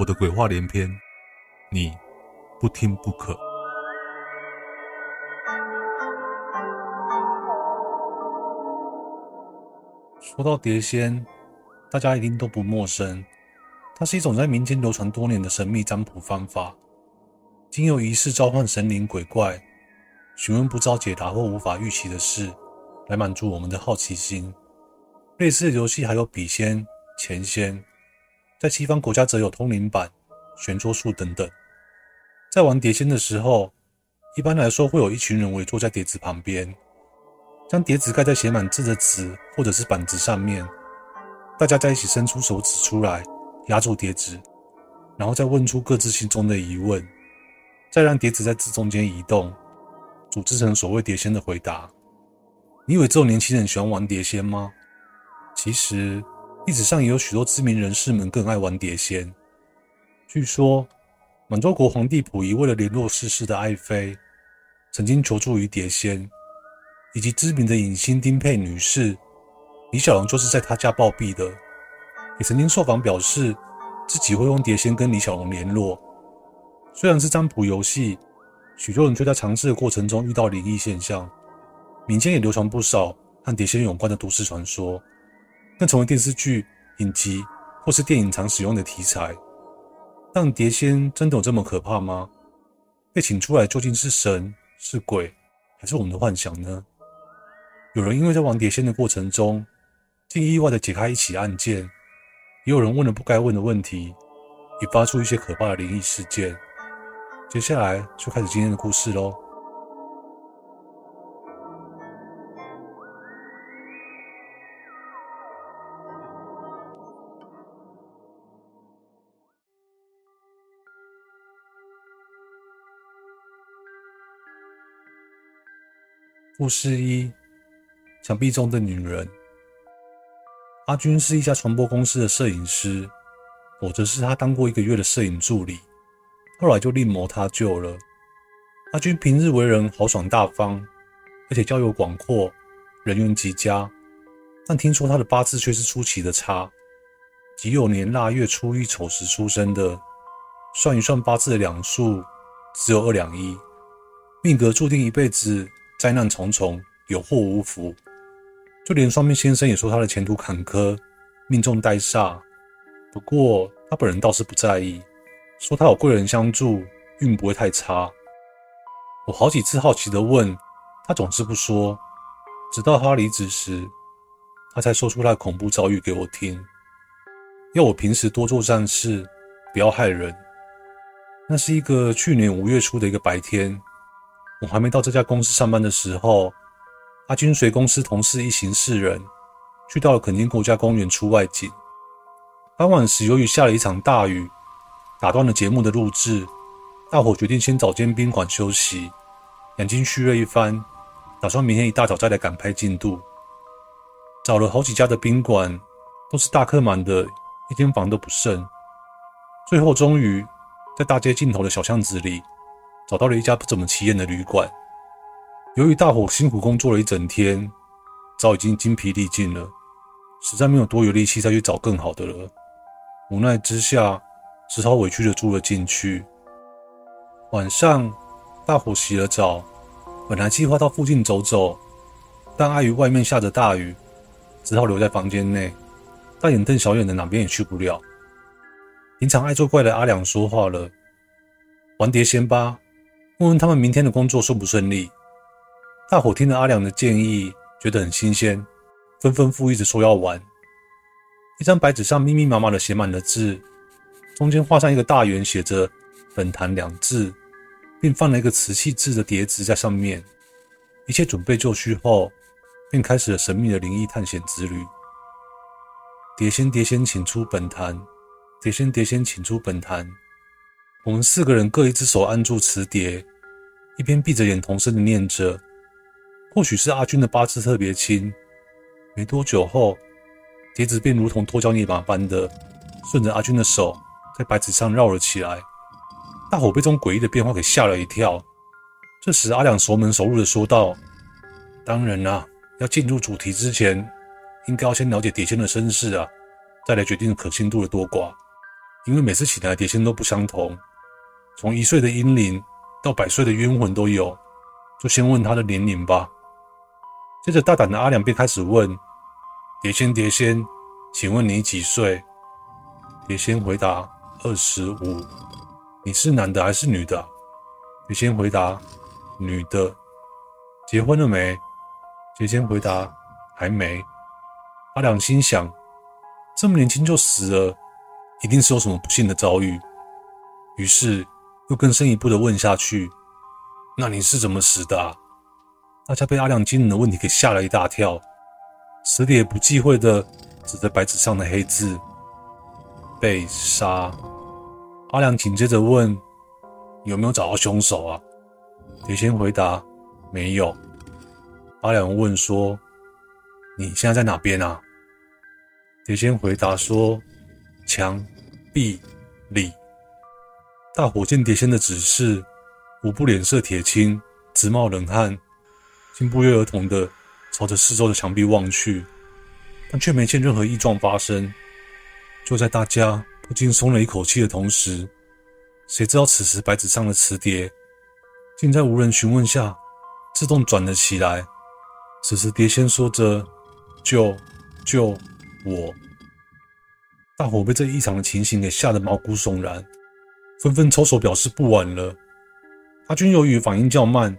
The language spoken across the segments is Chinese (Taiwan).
我的鬼話連篇，你不聽不可。說到碟仙，大家一定都不陌生。它是一種在民間流傳多年的神秘占卜方法，經由儀式召喚神靈鬼怪，詢問不知道解答或無法預期的事，來滿足我們的好奇心。類似的遊戲還有筆仙、錢仙。在西方國家則有通靈板、旋桌術等等。在玩碟仙的時候，一般來說會有一群人圍坐在碟子旁邊，將碟子蓋在寫滿字的紙或者是板子上面，大家在一起伸出手指出來壓住碟子，然後再問出各自心中的疑問，再讓碟子在字中間移動，組織成所謂碟仙的回答。你以為只有年輕人喜歡玩碟仙嗎？其實。歷史上也有許多知名人士們更愛玩碟仙。據說，滿洲國皇帝溥儀為了聯絡逝世的愛妃，曾經求助於碟仙，以及知名的影星丁佩女士。李小龍就是在他家暴斃的。也曾經受訪表示，自己會用碟仙跟李小龍聯絡。雖然是占卜遊戲，許多人卻在嘗試的過程中遇到靈異現象。民間也流傳不少和碟仙有關的都市傳說。更成為電視劇、影集或是電影常使用的題材。但碟仙真的有這麼可怕嗎？被請出來究竟是神、是鬼，還是我們的幻想呢？有人因為在玩碟仙的過程中，竟意外地解開一起案件；也有人問了不該問的問題，引發出一些可怕的靈異事件。接下來就開始今天的故事嘍。故事一，牆壁中的女人。阿君是一家傳播公司的攝影師，我則是他當過一個月的攝影助理，後來就另謀他就了。阿君平日為人豪爽大方，而且交友廣闊，人緣極佳，但聽說他的八字卻是出奇的差。己酉年臘月初一丑時出生的，算一算八字的兩數，只有二兩一，命格注定一輩子災難重重，有禍無福，就連算命先生也說他的前途坎坷，命中帶煞。不過他本人倒是不在意，說他有貴人相助，運不會太差。我好幾次好奇地問，他總是不說，直到他離職時，他才說出他的恐怖遭遇給我聽，要我平時多做善事，不要害人。那是一個去年五月初的一個白天。我還沒到這家公司上班的時候，阿君隨公司同事一行四人，去到了墾丁國家公園出外景。傍晚時，由於下了一場大雨，打斷了節目的錄製，大夥決定先找間賓館休息，養精蓄銳一番，打算明天一大早再來趕拍進度。找了好幾家的賓館，都是大客滿的，一間房都不剩。最後終於，終於在大街盡頭的小巷子裡。找到了一家不怎麼起眼的旅館。由於大夥辛苦工作了一整天，早已經筋疲力盡了，實在沒有多餘力氣再去找更好的了。無奈之下，只好委屈地住了進去。晚上，大夥洗了澡，本來計劃到附近走走，但礙於外面下着大雨，只好留在房間內。大眼瞪小眼的，哪邊也去不了。平常愛作怪的阿良說話了：“玩碟仙吧。”問問他們明天的工作順不順利？大夥聽了阿良的建議，覺得很新鮮，紛紛附議着說要玩。一張白紙上密密麻麻的寫滿了字，中間畫上一個大圓，寫着“本壇”兩字，並放了一個瓷器制的碟子在上面。一切準備就緒後，便開始了神秘的靈異探險之旅。碟仙，碟仙，請出本壇！碟仙，碟仙，請出本壇！我們四個人各一只手按住磁碟，一邊閉着眼，同聲的念着。或許是阿君的八字特別輕，沒多久後，碟子便如同脫韁野馬般的，順着阿君的手在白紙上繞了起來。大夥被這種詭異的變化給嚇了一跳。這時，阿良熟門熟路的說道：“當然啦、啊，要進入主題之前，應該要先了解碟仙的身世啊，再來決定可信度的多寡。因為每次起來碟仙都不相同。”從一歲的嬰靈到百歲的冤魂都有，就先問他的年齡吧。接着大膽的阿良便開始問：“碟仙，碟仙，請問你幾歲？”碟仙回答：“二十五。”“你是男的還是女的？”碟仙回答：“女的。”“結婚了沒？”碟仙回答：“還沒。”阿良心想：這麼年輕就死了，一定是有什麼不幸的遭遇。於是，又更深一步的問下去，那你是怎麼死的啊？大家被阿亮驚人的問題給嚇了一大跳。死也不忌諱的指着白紙上的黑字，被殺。阿亮緊接着問，有沒有找到兇手啊？碟仙回答，沒有。阿亮問說，你現在在哪邊啊？碟仙回答說，牆壁裡。大伙見碟仙的指示，無不臉色鐵青，直冒冷汗，竟不約而同地朝着四周的牆壁望去，但卻沒見任何異狀發生。就在大家不禁鬆了一口氣的同時，誰知道此時白紙上的磁碟竟在無人詢問下自動轉了起來。此時碟仙說着：“救，救我！”大伙被這異常的情形給嚇得毛骨悚然。紛紛抽手表示不玩了。阿軍由於反應較慢，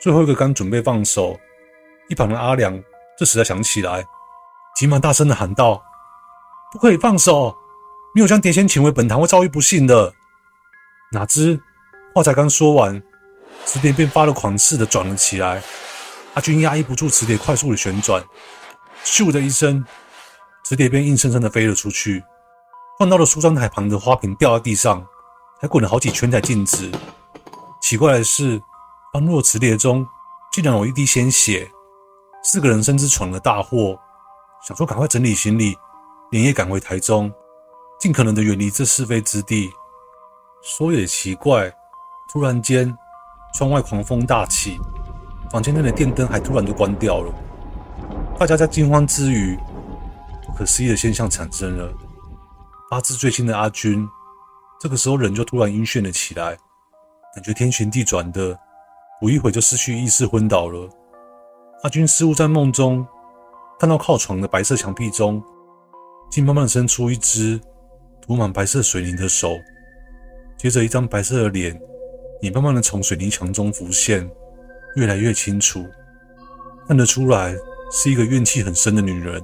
最後一個剛準備放手，一旁的阿良這時才想起來，急忙大聲的喊道：“不可以放手！沒有將碟仙請回本堂，會遭遇不幸的。”哪知話才剛說完，磁碟便發了狂似的轉了起來。阿軍壓抑不住磁碟快速的旋轉，咻的一聲，磁碟便硬生生的飛了出去，撞到了梳妝台旁的花瓶，掉在地上。還滾了好幾圈才靜止。奇怪的是，班洛瓷碟中竟然有一滴鮮血。四個人深知闖了大禍，想說趕快整理行李，連夜趕回台中，盡可能的遠離這是非之地。說也奇怪，突然間，窗外狂風大起，房間內的電燈還突然就關掉了。大家在驚慌之餘，不可思議的現象產生了。八字最輕的阿君，這個時候，人就突然暈眩了起來，感覺天旋地轉的，不一會就失去意識昏倒了。阿軍似乎在夢中看到靠床的白色牆壁中，竟慢慢伸出一隻塗滿白色水泥的手，接着一張白色的臉也慢慢的從水泥牆中浮現，越來越清楚，看得出來是一個怨氣很深的女人，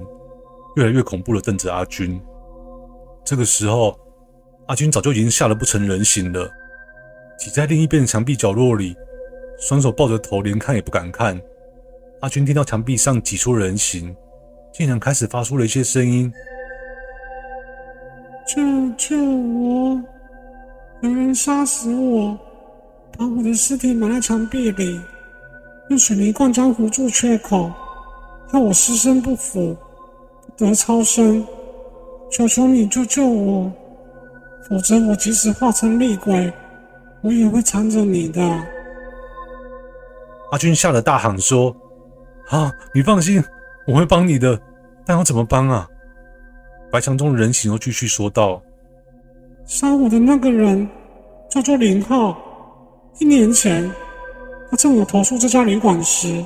越來越恐怖的瞪着阿軍。這個時候。阿軍早就已經嚇得不成人形了，擠在另一邊的牆壁角落裡，雙手抱着頭，連看也不敢看。阿軍聽到牆壁上擠出人形，竟然開始發出了一些聲音：“救救我！有人殺死我，把我的屍體埋在牆壁裡，用水泥灌漿糊住缺口，讓我屍身不腐，不得超生。求求你，救救我！”否則，我即使化成厲鬼，我也會纏着你的。阿軍嚇得大喊說：“啊，你放心，我會幫你的。但要怎麼幫啊？”白牆中人形又繼續說道：“殺我的那個人叫做林浩。一年前，他趁我投宿這家旅館時，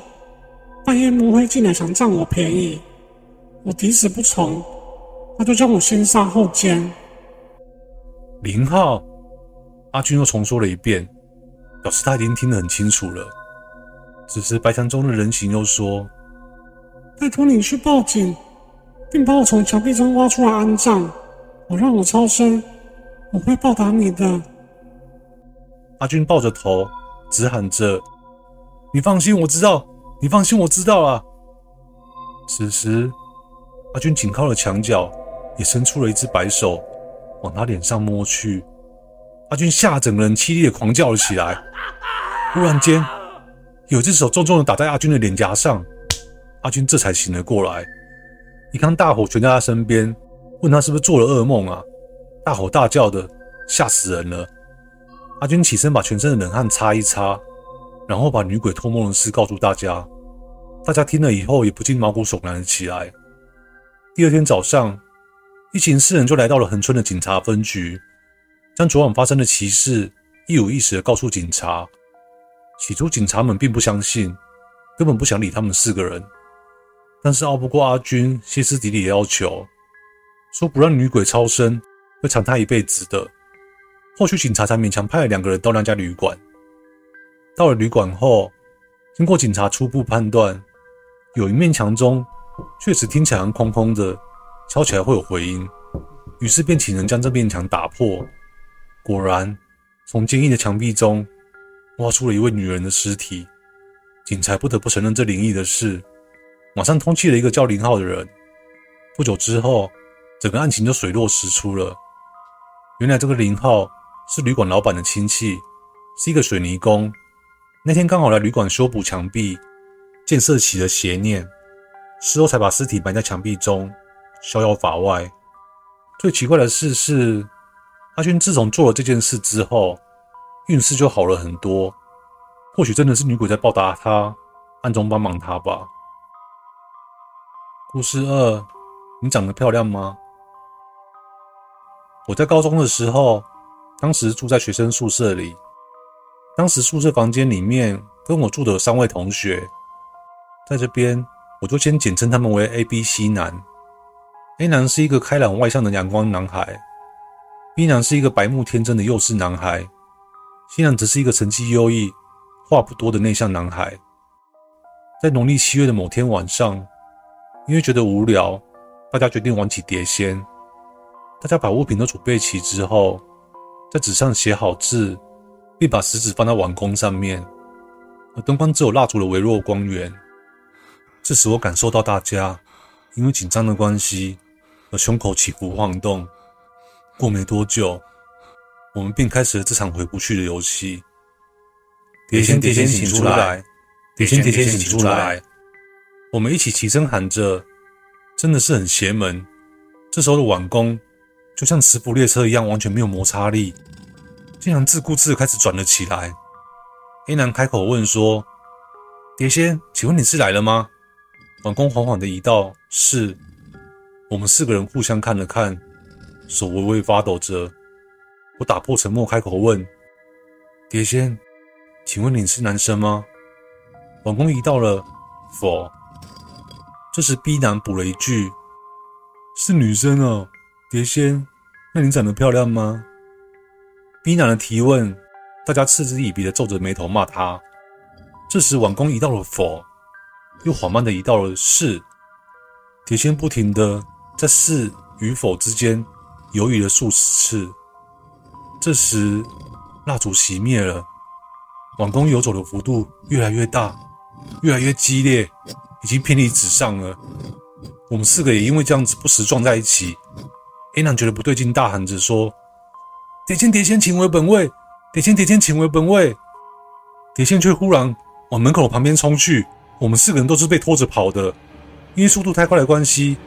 半夜摸黑進來想佔我便宜。我抵死不從，他就叫我先殺後姦。”零號，阿軍又重說了一遍，表示他已經聽得很清楚了。此時白牆中的人形又說：“拜托你去報警，並把我從牆壁中挖出來安葬，好讓我超生，我會報答你的。”阿軍抱着頭，直喊着：“你放心，我知道。你放心，我知道了、啊。”此時，阿軍緊靠了牆角，也伸出了一只白手。往他臉上摸去，阿軍嚇，整個人淒厲的狂叫了起來。突然間，有隻手重重的打在阿軍的臉頰上，阿軍這才醒了過來。你看大夥全在他身邊，問他是不是做了噩夢啊？大吼大叫的，嚇死人了。阿軍起身，把全身的冷汗擦一擦，然後把女鬼託夢的事告訴大家。大家聽了以後，也不禁毛骨悚然起來。第二天早上。一行四人就來到了恆春的警察分局，將昨晚發生的奇事一五一十的告訴警察。起初，警察們並不相信，根本不想理他們四個人。但是拗不過阿軍歇斯底里的要求，說不讓女鬼超生會纏他一輩子的，後續警察才勉強派了兩個人到那家旅館。到了旅館後，經過警察初步判斷，有一面牆中確實聽起來很空空的。敲起來會有回音，於是便請人將這面牆打破。果然，從堅硬的牆壁中挖出了一位女人的屍體。警察不得不承認這靈異的事，馬上通緝了一個叫林浩的人。不久之後，整個案情就水落石出了。原來這個林浩是旅館老板的親戚，是一個水泥工。那天剛好來旅館修補牆壁，見色起了邪念，事後才把屍體埋在牆壁中。逍遙法外。最奇怪的事是，阿勳自從做了這件事之後，運勢就好了很多。或許真的是女鬼在報答他，暗中幫忙他吧。故事二，你長得漂亮嗎？我在高中的時候，當時住在學生宿舍裡。當時宿舍房間裡面跟我住的有三位同學，在這邊我就先簡稱他們為 A、B、C 男。A 男是一個開朗外向的陽光男孩，B 男是一個白目天真的幼稚男孩，C 男則是一個成績優異、話不多的內向男孩。在農曆七月的某天晚上，因為覺得無聊，大家決定玩起碟仙。大家把物品都準備齊之後，在紙上寫好字，並把食指放到碗公上面。而燈光只有蠟燭的微弱光源，這使我感受到大家因為緊張的關係。胸口起伏晃動，過沒多久，我們便開始了這場回不去的遊戲。碟仙，碟仙，請出來！碟仙，碟仙，請出來！我們一起齊聲喊着，真的是很邪門。這時候的碗公就像磁浮列車一樣，完全沒有摩擦力，竟然自顧自開始轉了起來。黑男開口問說：“碟仙，請問你是來了嗎？”碗公緩緩地移到：“是。”我們四個人互相看了看，手微微發抖着。我打破沉默，開口問：“碟仙，請問你是男生嗎？”碗公移到了否。這時 B 男補了一句：“是女生啊，哦，碟仙，那你長得漂亮嗎？”B 男的提問，大家嗤之以鼻的皺着眉頭罵他。這時碗公移到了否，又緩慢的移到了是。碟仙不停的。在是與否之間猶豫了數十次。這時，蠟燭熄滅了，碗公游走的幅度越來越大，越來越激烈，已經偏離紙上了。我們四個也因為這樣子不時撞在一起。A 男覺得不對勁，大喊着說：“碟仙，碟仙，請回本位！碟仙，碟仙，請回本位！”碟仙卻忽然往門口旁邊衝去。我們四個人都是被拖着跑的，因為速度太快的關係。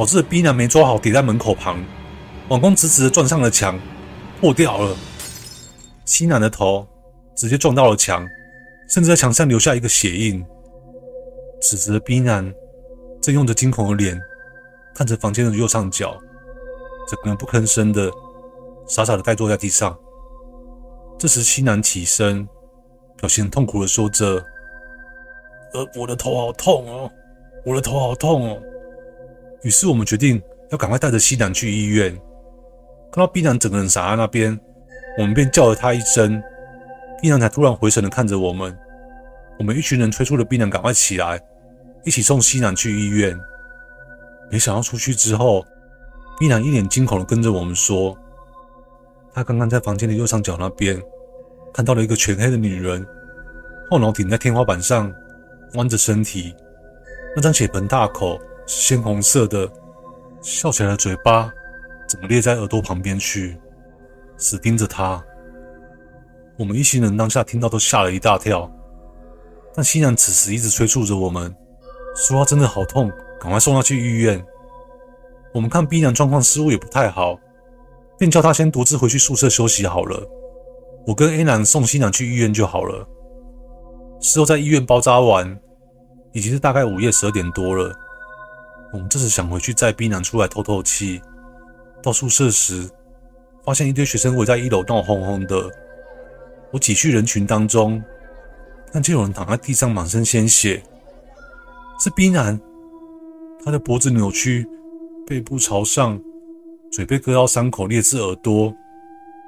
導致、哦這個、B 男沒抓好，跌在門口旁，網公直直撞上了牆，破掉了。西男的頭直接撞到了牆，甚至在牆上留下一個血印。此時的 B 男正用着驚恐的臉看着房間的右上角，整個人不吭聲的傻傻的呆坐在地上。這時西男起身，表現很痛苦的說着：“呃，我的頭好痛哦，我的頭好痛哦。”於是我們決定要趕快帶着西南去醫院。看到 B 男整個人傻在那邊，我們便叫了他一聲，B 男才突然回神的看着我們。我們一群人催促着 B 男趕快起來，一起送西南去醫院。沒想到出去之後，B 男一臉驚恐的跟着我們說：“他剛剛在房間的右上角那邊看到了一個全黑的女人，後腦頂在天花板上，彎着身體，那張血盆大口。”鮮紅色的，笑起來的嘴巴，怎麼咧在耳朵旁邊去，死盯着他。我們一行人當下聽到都嚇了一大跳，但新娘此時一直催促着我們，說她真的好痛，趕快送她去醫院。我們看 B 男狀況似乎也不太好，便叫他先獨自回去宿舍休息好了。我跟 A 男送新娘去醫院就好了。事後在醫院包紮完，已經是大概午夜十二點多了。我這時想回去，再 B 男出來透透氣。到宿舍時，發現一堆學生圍在一樓鬧哄哄的。我擠去人群當中，看見有人躺在地上，滿身鮮血。是 B 男，他的脖子扭曲，背部朝上，嘴被割到，傷口裂至耳朵，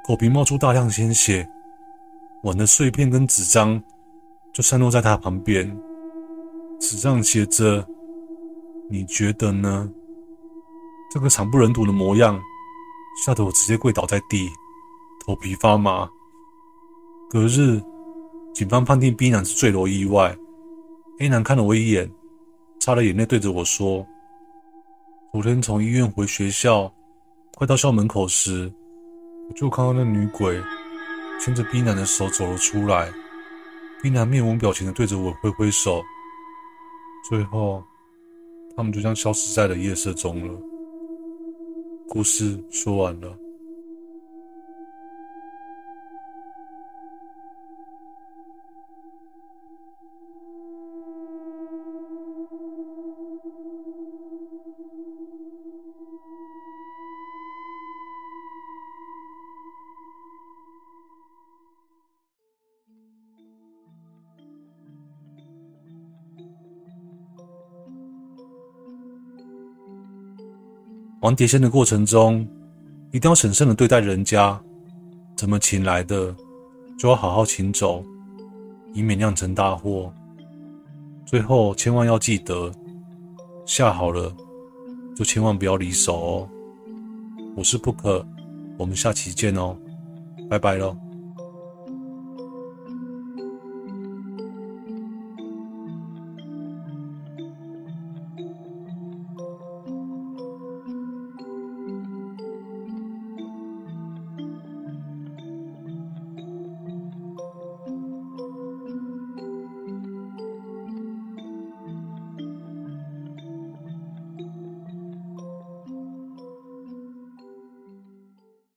口鼻冒出大量鮮血。碗的碎片跟紙張就散落在他旁邊，紙上寫着。你覺得呢？這個慘不忍睹的模樣，嚇得我直接跪倒在地，頭皮發麻。隔日，警方判定 B 男是墜樓意外。A 男看了我一眼，擦了眼淚，對着我說：“昨天從醫院回學校，快到校門口時，我就看到那女鬼牽着 B 男的手走了出來。B 男面無表情的對着我揮揮手，最後。”他們就像消失在了夜色中了。故事說完了。玩碟仙的過程中，一定要審慎的對待人家，怎麼請來的就要好好請走，以免釀成大禍。最後千萬要記得，下好了就千萬不要離手哦，我是 Book。我們下期見哦，拜拜嘍。